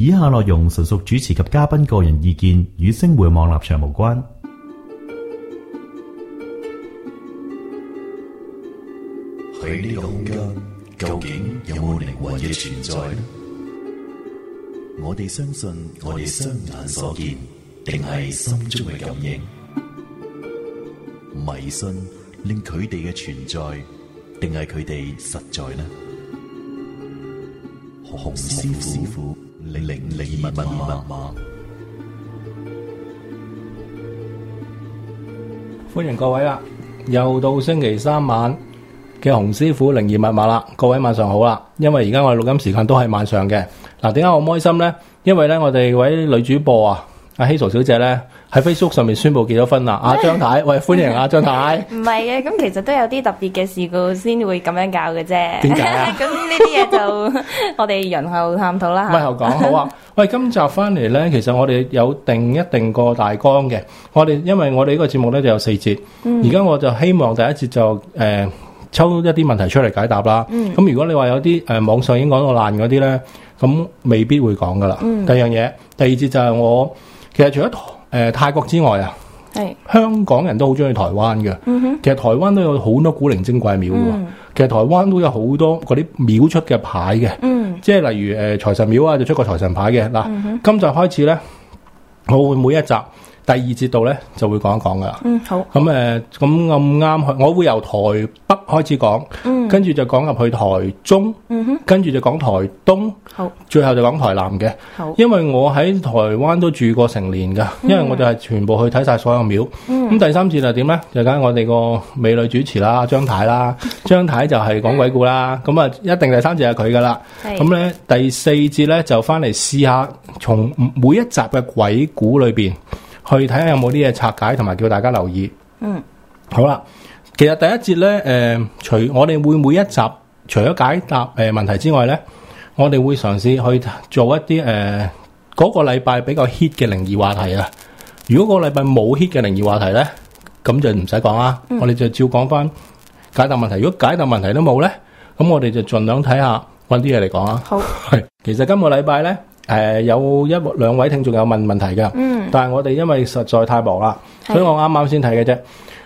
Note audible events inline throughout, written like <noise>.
以下內容純屬主持及嘉賓個人意見，與星回網立場無關。喺呢個空間，究竟有冇靈魂嘅存在呢？我哋相信我哋雙眼所見，定係心中嘅感應？迷信令佢哋嘅存在，定係佢哋實在呢？洪師傅。靈異密碼，歡迎各位啦！又到星期三晚嘅洪師傅靈異密碼啦！各位晚上好啦，因為而家我哋錄音時間都係晚上嘅。嗱，點解我好開心咧？因為咧，我哋位女主播啊，阿 Hazel 小姐咧。喺 Facebook 上面宣布幾多分啦！啊張太，喂，歡迎啊張太，唔係嘅，咁其實都有啲特別嘅事故先會咁樣搞嘅啫。點解啊？咁呢啲嘢就我哋日後探討啦。咪後講好啊？喂，今集翻嚟咧，其實我哋有定一定個大綱嘅。我哋因為我哋呢個節目咧就有四節，而家我就希望第一節就誒抽一啲問題出嚟解答啦。咁如果你話有啲誒網上已經講到爛嗰啲咧，咁未必會講噶啦。第二樣嘢，第二節就係我其實除咗。誒、呃、泰國之外啊，是香港人都好中意台灣嘅。嗯、哼其實台灣都有好多古靈精怪廟嘅，其實台灣都有好多嗰啲廟出嘅牌嘅。嗯、即係例如誒、呃、財神廟啊，就出個財神牌嘅。嗱，嗯、哼今集開始咧，我會每一集，第二節度咧就會講一講噶啦。嗯，好。咁誒，咁咁啱，我會由台北開始講，嗯，跟住就講入去台中，跟住就講台東，好，最後就講台南嘅，因為我喺台灣都住過成年噶，因為我哋係全部去睇晒所有廟，嗯，咁第三節就點咧？就梗係我哋個美女主持啦，張太啦，張太就係講鬼故啦，咁啊，一定第三節係佢噶啦。係，咁咧第四節咧就翻嚟試下，從每一集嘅鬼故裏邊。去睇下有冇啲嘢拆解，同埋叫大家留意。嗯，好啦，其實第一節咧，誒，除我哋會每一集除咗解答誒問題之外咧，我哋會嘗試去做一啲誒嗰個禮拜比較 hit 嘅靈異話題啊。如果個禮拜冇 hit 嘅靈異話題咧，咁就唔使講啦。我哋就照講翻解答問題。如果解答問題都冇咧，咁我哋就盡量睇下搵啲嘢嚟講啊。好，係。其實今個禮拜咧。誒、呃，有一兩位聽眾有問問題嘅，嗯、但係我哋因為實在太忙啦，的所以我啱啱先睇嘅啫。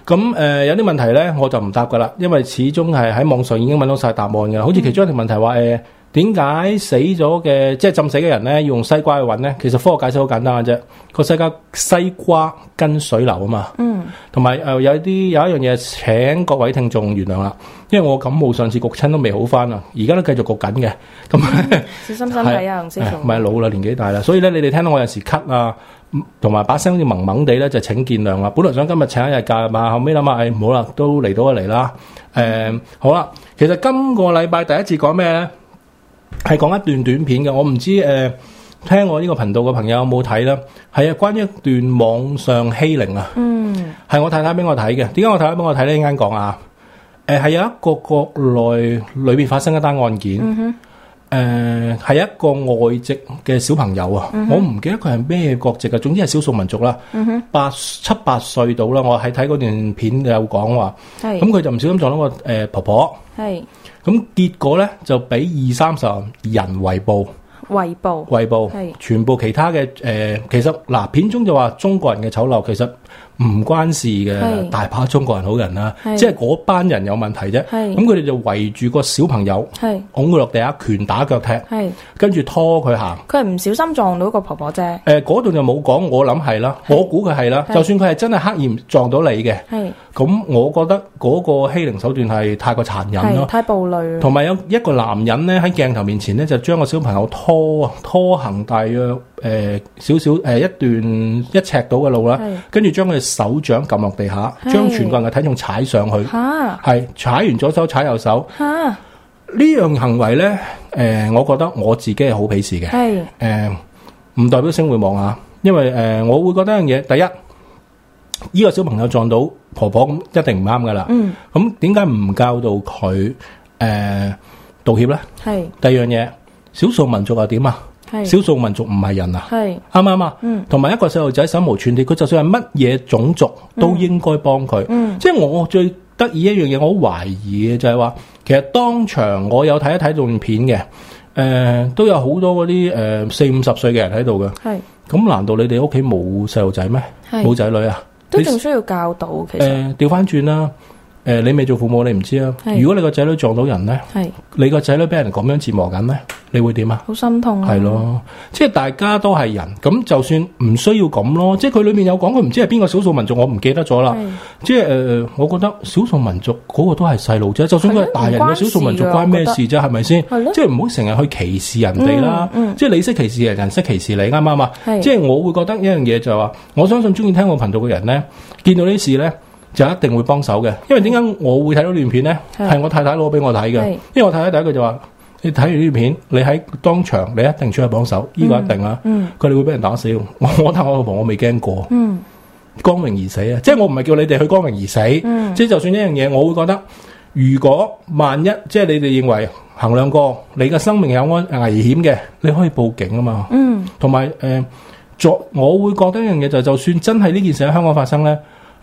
咁、嗯、誒、呃，有啲問題咧，我就唔答噶啦，因為始終係喺網上已經揾到晒答案嘅。好似其中一條問題話誒。嗯呃點解死咗嘅即係浸死嘅人咧？要用西瓜去揾咧？其實科學解釋好簡單嘅啫。個西瓜西瓜跟水流啊嘛，嗯，同埋誒有啲有一樣嘢請各位聽眾原諒啦，因為我感冒上次焗親都未好返啊，而家都繼續焗緊嘅咁。小心心睇啊，唔係老啦，年紀大啦，所以咧你哋聽到我有時咳啊，同埋把聲好似濛濛地咧，就請見諒啦。本來想今日請一日假嘛，後尾諗下，唉唔好啦，都嚟到啊嚟啦。誒好啦，其實今個禮拜第一次講咩咧？係講一段短片嘅，我唔知誒、呃，聽我呢個頻道嘅朋友有冇睇啦？係啊，關於一段網上欺凌啊，嗯，係我太太俾我睇嘅。點解我太太俾我睇呢？一陣講啊，誒、呃，係有一個國內裏邊發生一單案件。嗯誒，係、呃、一個外籍嘅小朋友啊，嗯、哼我唔記得佢係咩國籍啊。總之係少數民族啦。八七八歲到啦，我喺睇嗰段片有講話，咁佢是、嗯、就唔小心撞到個誒、呃、婆婆，咁是、嗯、結果咧就俾二三十人，人圍捕。圍捕？圍捕，係全部其他嘅誒，其實嗱片中就話中國人嘅醜陋，其實。唔關事嘅，大把中國人好人啦，即係嗰班人有問題啫。咁佢哋就圍住個小朋友，拱佢落地，拳打腳踢，跟住拖佢行。佢係唔小心撞到個婆婆啫。誒，嗰段就冇講，我諗係啦，我估佢係啦。就算佢係真係刻意撞到你嘅，咁我覺得嗰個欺凌手段係太過殘忍咯，太暴戾。同埋有一個男人咧喺鏡頭面前咧，就將個小朋友拖啊拖行大約。誒，少少誒，一段一尺到嘅路啦，跟住將佢手掌撳落地下，將的全個人嘅體重踩上去，係哈踩完左手踩右手，呢樣哈行為咧，誒、呃，我覺得我自己係好鄙視嘅，係的，誒、呃，唔代表星會望下，因為誒、呃，我會覺得一樣嘢，第一，呢、這個小朋友撞到婆婆咁，一定唔啱噶啦，嗯，咁點解唔教導佢誒道歉咧？係的，第二樣嘢，少數民族又點啊？少數是民族唔係人啊，啱唔啱啊？同埋吧、嗯、一個細路仔手無寸鐵，佢就算係乜嘢種族都應該幫佢。嗯嗯、即係我最得意一樣嘢，我好懷疑嘅就係話，其實當場我有睇一睇段片嘅，誒、呃、都有好多嗰啲誒四五十歲嘅人喺度嘅。咁是難道你哋屋企冇細路仔咩？冇仔是女啊？都仲需要教導你其實。誒、呃，調翻轉啦。誒，你未做父母，你唔知啊。如果你個仔女撞到人咧，你個仔女俾人咁樣折磨緊咧，你會點啊？好心痛啊！係咯，即係大家都係人，咁就算唔需要咁咯。即係佢裏面有講，佢唔知係邊個少數民族，我唔記得咗啦。即係誒，我覺得少數民族嗰個都係細路啫，就算佢係大人嘅少數民族，關咩事啫？係咪先？即係唔好成日去歧視人哋啦。即係你識歧視人，人識歧視你，啱唔啱啊？即係我會覺得一樣嘢就係話，我相信中意聽我頻道嘅人咧，見到呢啲事咧。就一定會幫手嘅，因為點解我會睇到呢段片咧？係是我太太攞俾我睇嘅，是因為我太太第一句就話：你睇完呢段片，你喺當場，你一定出去幫手，呢、嗯、個一定啦、啊。佢哋、嗯、會俾人打死，我我但我老婆，我未驚過。嗯、光明而死啊！即係我唔係叫你哋去光明而死，嗯、即係就算一樣嘢，我會覺得如果萬一，即係你哋認為衡量過你嘅生命有安危險嘅，你可以報警啊嘛。嗯，同埋誒，作、呃、我會覺得一樣嘢就就算真係呢件事喺香港發生咧。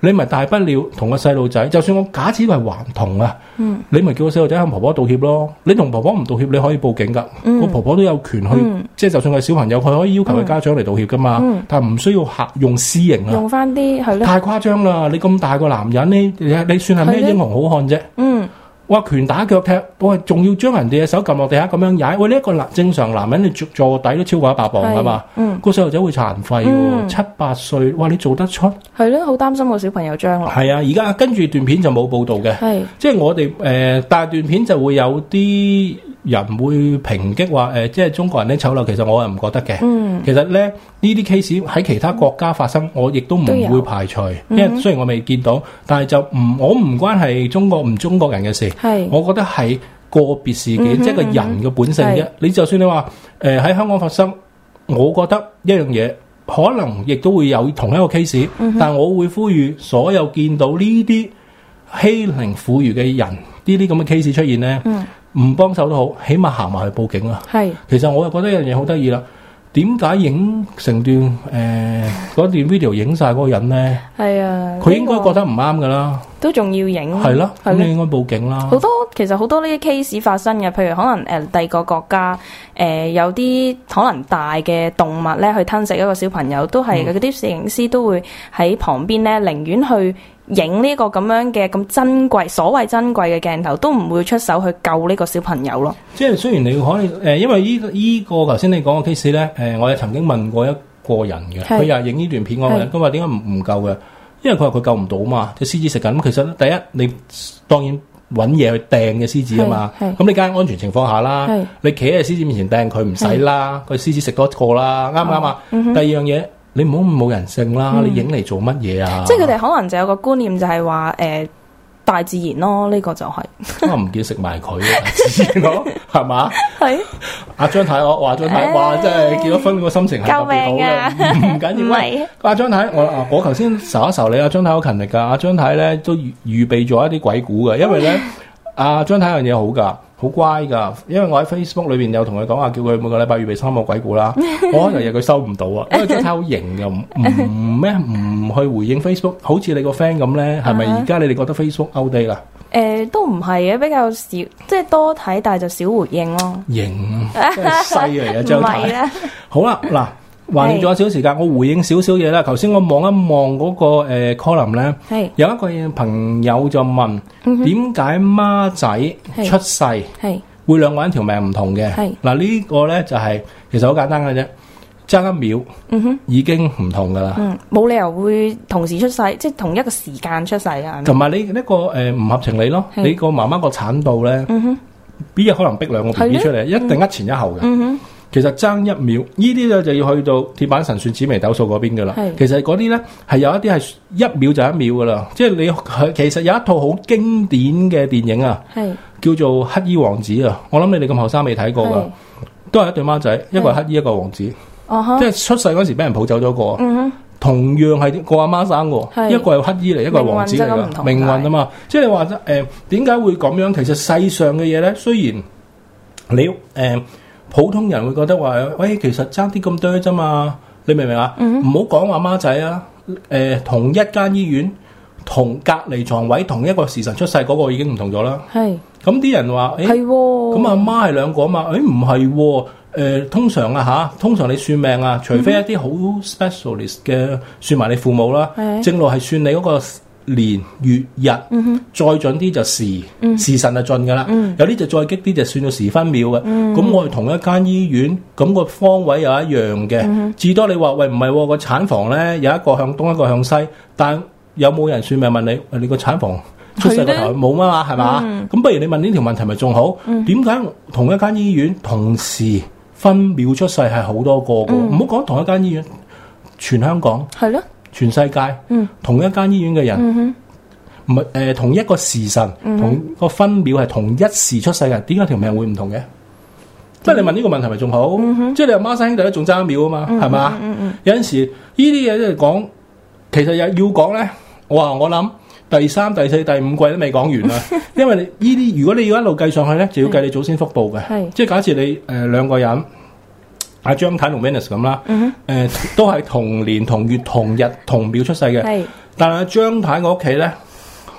你咪大不了同個細路仔，就算我假使佢係頑童啊，嗯、你咪叫個細路仔向婆婆道歉咯。你同婆婆唔道歉，你可以報警噶。我、嗯、婆婆都有權去，即係、嗯、就算係小朋友，佢可以要求佢家長嚟道歉噶嘛。嗯、但係唔需要吓用私刑啊，用翻啲係咯。太誇張啦！你咁大個男人呢，你算係咩英雄好漢啫？嗯。哇！拳打腳踢，我仲要將人哋嘅手撳落地下咁樣踩，我呢一個男正常男人，你坐，坐底都超過一百磅係嘛？個細路仔會殘廢喎，嗯、七八歲，哇！你做得出？係咯，好擔心個小朋友將來。係啊，而家跟住段片就冇報導嘅，的即係我哋誒、呃，但係段片就會有啲。人會抨擊話誒、呃，即係中國人呢醜陋，其實我係唔覺得嘅。嗯，其實咧呢啲 case 喺其他國家發生，嗯、我亦都唔會排除，嗯、因為雖然我未見到，但係就唔我唔關係中國唔中國人嘅事。係是，我覺得係個別事件，嗯嗯、即係個人嘅本性啫。嗯嗯、你就算你話誒喺香港發生，我覺得一樣嘢可能亦都會有同一個 case，嗯嗯、但係我會呼籲所有見到呢啲欺凌、婦孺嘅人，呢啲咁嘅 case 出現咧。嗯嗯唔幫手都好，起碼行埋去報警啦。係，其實我又覺得一樣嘢好得意啦。點解影成段誒嗰段 video 影晒嗰個人咧？係啊，佢應該覺得唔啱㗎啦。都仲要影，係咯，咁你應該報警啦。好多其實好多呢啲 case 發生嘅，譬如可能誒第二個國家誒有啲可能大嘅動物咧去吞食一個小朋友，都係嗰啲攝影師都會喺旁邊咧，寧願去。影呢個咁樣嘅咁珍貴，所謂珍貴嘅鏡頭，都唔會出手去救呢個小朋友咯。即係雖然你可能誒，因為呢、這個依個頭先你講嘅 case 咧，誒，我亦曾經問過一個人嘅，佢是又係影呢段片嗰個人，佢話點解唔唔救嘅？因為佢話佢救唔到嘛，隻獅子食緊。其實第一，你當然揾嘢去掟嘅獅子啊嘛，咁你梗係安全情況下啦。是你企喺獅子面前掟佢唔使啦，佢獅是子食多一個啦，啱唔啱啊？Oh. Mm-hmm. 第二樣嘢。你唔好冇人性啦！嗯、你影嚟做乜嘢啊？即係佢哋可能就有個觀念就係話，誒、呃，大自然咯，呢、這個就係。我唔叫食埋佢大自然囉，係嘛？阿張太我話張太話，即係結咗婚個心情係救命好唔緊要。喂！阿張太我我頭先睄一睄你阿張太好勤力噶，阿、啊、張太咧都預預備咗一啲鬼故嘅，因為咧。 <laughs> 阿、啊、張太一樣嘢好噶，好乖噶，因為我喺 Facebook 裏邊有同佢講話，叫佢每個禮拜預備三個鬼故啦。 <laughs> 我可能日佢收唔到啊，因為張太太好型又唔咩唔去回應 Facebook，好似你個 friend 咁咧，係咪而家你哋覺得 Facebook out day 啦？誒、uh huh. 呃，都唔係嘅，比較少，即係多睇，但係就少回應咯。型，真係犀利啊， <laughs> 張太。好 <laughs> 啦，嗱。還咗少時間，我回應少少嘢啦。頭先我望一望嗰個誒，column 咧，有一個朋友就問：點解孖仔出世會兩個人條命唔同嘅？嗱，呢個咧就係其實好簡單嘅啫，爭一秒已經唔同噶啦。嗯，冇理由會同時出世，即係同一個時間出世嘅係咪？同埋你呢個誒唔合情理咯。你個媽媽個產道咧，B 可能逼兩個 B B 出嚟，一定一前一後嘅。其實爭一秒，呢啲咧就要去到鐵板神算紫微斗數嗰邊噶啦。是其實嗰啲咧係有一啲係一秒就一秒噶啦。即係你其實有一套好經典嘅電影啊，是叫做《乞兒王子》啊。我諗你哋咁後生未睇過噶，是都係一對孖仔，是一個係乞兒，一個係王子。嗯、哼即係出世嗰時俾人抱走咗個，嗯、哼同樣係個阿媽生個，一個係乞兒嚟，一個係王子嚟嘅。命運就咁唔同。命運啊嘛，即係話得誒，呃、點解會咁樣？其實世上嘅嘢咧，雖然你誒。普通人會覺得話，喂，其實爭啲咁多啫嘛，你明唔明啊？唔好講話媽仔啊，誒、呃，同一間醫院，同隔離床位，同一個時辰出世嗰個已經唔同咗啦。係是，咁啲人話，係、欸、喎，咁阿、哦、媽係兩個啊嘛，誒唔係喎，誒、哦呃、通常啊嚇、啊，通常你算命啊，除非一啲好 specialist 嘅算埋你父母啦，是正路係算你嗰、嗰個。年月日，再準啲就時時辰就準噶啦。有啲就再激啲，就算到時分秒嘅。咁我哋同一間醫院，咁個方位又一樣嘅。至多你話喂，唔係個產房咧，有一個向東，一個向西。但有冇人算命問你，你個產房出世個頭冇吖嘛係嘛？咁不如你問呢條問題咪仲好？點解同一間醫院同時分秒出世係好多個？唔好講同一間醫院，全香港係咯。全世界同一間醫院嘅人，唔係誒同一個時辰、同個分秒係同一時出世嘅，點解條命會唔同嘅？即係你問呢個問題咪仲好？即係你阿孖生兄弟都仲爭秒啊嘛，係咪？有陣時呢啲嘢即係講，其實又要講咧。我話我諗第三、第四、第五季都未講完啊，因為呢啲如果你要一路計上去咧，就要計你祖先福報嘅。即係假設你誒兩個人。阿張太同 Venus 咁啦，誒、嗯哼呃、都係同年同月同日同秒出世嘅，是但係張太個屋企咧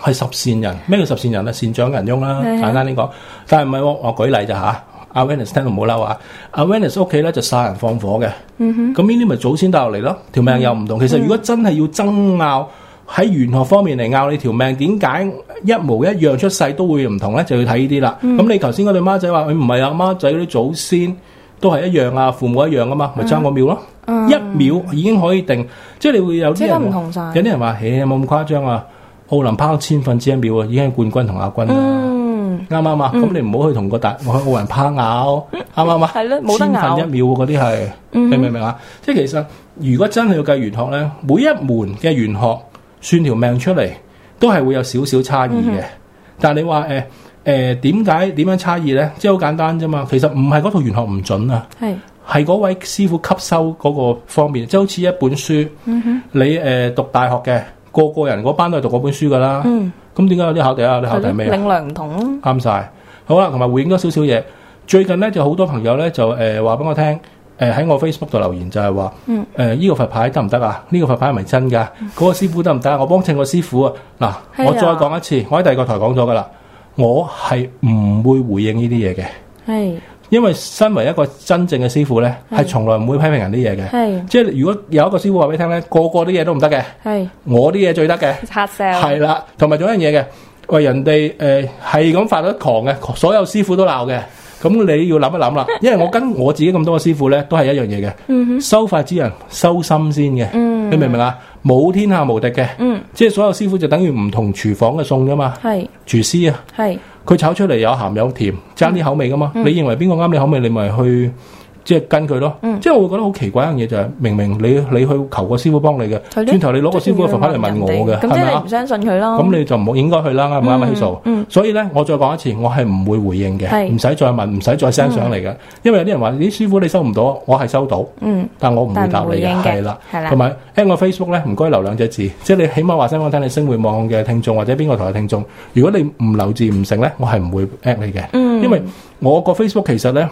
係十善人，咩叫十善人咧？善長人翁啦，的簡單啲講。但係唔係我舉例就吓，阿、啊啊、Venus 聽到唔好嬲啊，阿 Venus 屋企咧就殺人放火嘅，咁呢啲咪祖先帶落嚟咯？條命又唔同。嗯、其實如果真係要爭拗喺玄學方面嚟拗你條命，點解一模一樣出世都會唔同咧？就要睇呢啲啦。咁你頭先嗰對孖仔話佢唔係阿孖仔嗰啲祖先。嗯嗯都係一樣啊，父母一樣啊嘛，咪爭個秒咯，一秒已經可以定，即係你會有啲人唔同晒，有啲人話，誒，有冇咁誇張啊？奧林匹克千分之一秒啊，已經係冠軍同亞軍啦。啱啱啊？咁你唔好去同個大，我去奧林匹克咬，啱唔啱啊？係咯，千分一秒嗰啲係，明唔明啊？即係其實如果真係要計玄學咧，每一門嘅玄學算條命出嚟，都係會有少少差異嘅。但係你話誒。誒點解點樣差異咧？即係好簡單啫嘛。其實唔係嗰套玄學唔準啊，係嗰是位師傅吸收嗰個方面，就好似一本書。嗯、哼，你誒、呃、讀大學嘅個個人嗰班都係讀嗰本書噶啦。嗯，咁點解有啲考題啊？啲考題咩啊？定量唔同咯。啱晒。好啦，同埋回應多少少嘢。最近咧就好多朋友咧就誒話俾我聽，誒、呃、喺我 Facebook 度留言就係話，誒依、嗯呃這個佛牌得唔得啊？呢、這個佛牌係咪真㗎？嗰、這個啊、 <laughs> 個師傅得唔得啊？我幫襯個師傅啊。嗱，我再講一,一,一,一次，我喺第二個台講咗㗎啦。我係唔會回應呢啲嘢嘅，係因為身為一個真正嘅師傅咧，係從來唔會批評人啲嘢嘅，係即係如果有一個師傅話俾你聽咧，個個啲嘢都唔得嘅，係我啲嘢最得嘅，係啦，同埋仲有一樣嘢嘅，喂人哋誒係咁發咗狂嘅，所有師傅都鬧嘅。咁你要諗一諗啦，因為我跟我自己咁多個師傅呢都係一樣嘢嘅。嗯、哼修法之人修心先嘅，嗯、你明唔明啊？冇天下無敵嘅，嗯、即係所有師傅就等於唔同廚房嘅餸噶嘛。廚、嗯、師啊，佢、嗯、炒出嚟有鹹有甜，爭啲口味噶嘛。嗯、你認為邊個啱你口味，嗯、你咪去。即係跟佢咯，即係我會覺得好奇怪一樣嘢就係，明明你你去求個師傅幫你嘅，轉頭你攞個師傅嘅佛牌嚟問我嘅，係嘛？咁即係唔相信佢咯。咁你就唔好應該去啦，啱唔啱？m 所以咧，我再講一次，我係唔會回應嘅，唔使再問，唔使再 send 上嚟嘅。因為有啲人話，咦，師傅你收唔到，我係收到，但我唔會答你嘅。」啦。係啦。同埋 at 我 Facebook 咧，唔該留兩隻字，即係你起碼話聲我聽你星匯網嘅聽眾或者邊個台嘅聽眾。如果你唔留字唔成咧，我係唔會 at 你嘅。因為我個 Facebook 其實咧。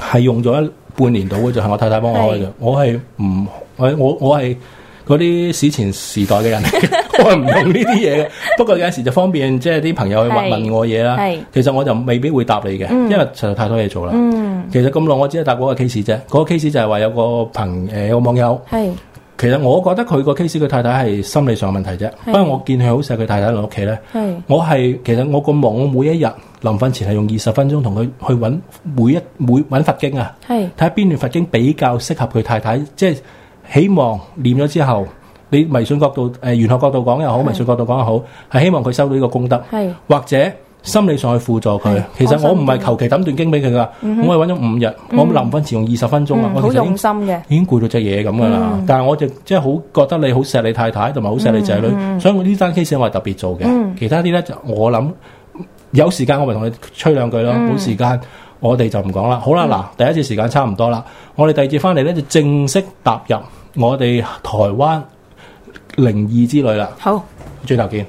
係用咗一半年到嘅，就係我太太幫我開嘅。我係唔，我我我係嗰啲史前時代嘅人，我係唔用呢啲嘢嘅。不過有陣時就方便，即係啲朋友去問問我嘢啦。其實我就未必會答你嘅，因為實在太多嘢做啦。其實咁耐，我只係答過個 case 啫。嗰個 case 就係話有個朋，誒，有個網友。係其實我覺得佢個 case，佢太太係心理上問題啫。不過我見佢好錫佢太太喺屋企咧。我係其實我個忙，我每一日。臨瞓前係用二十分鐘同佢去揾每一每揾佛經啊，睇下邊段佛經比較適合佢太太，即係希望念咗之後，你迷信角度誒，玄學角度講又好，迷信角度講又好，係希望佢收到呢個功德，或者心理上去輔助佢。其實我唔係求其抌段經俾佢噶，我係揾咗五日，我臨瞓前用二十分鐘啊，我用心嘅，已經攰到隻嘢咁噶啦。但係我就即係好覺得你好錫你太太，同埋好錫你仔女，所以我呢單 case 我係特別做嘅，其他啲咧就我諗。有時間我咪同你吹兩句咯，冇、嗯、時間我哋就唔講啦。好啦，嗱、嗯，第一次時間差唔多啦，我哋第二節翻嚟咧就正式踏入我哋台灣靈異之旅啦。好，轉頭見。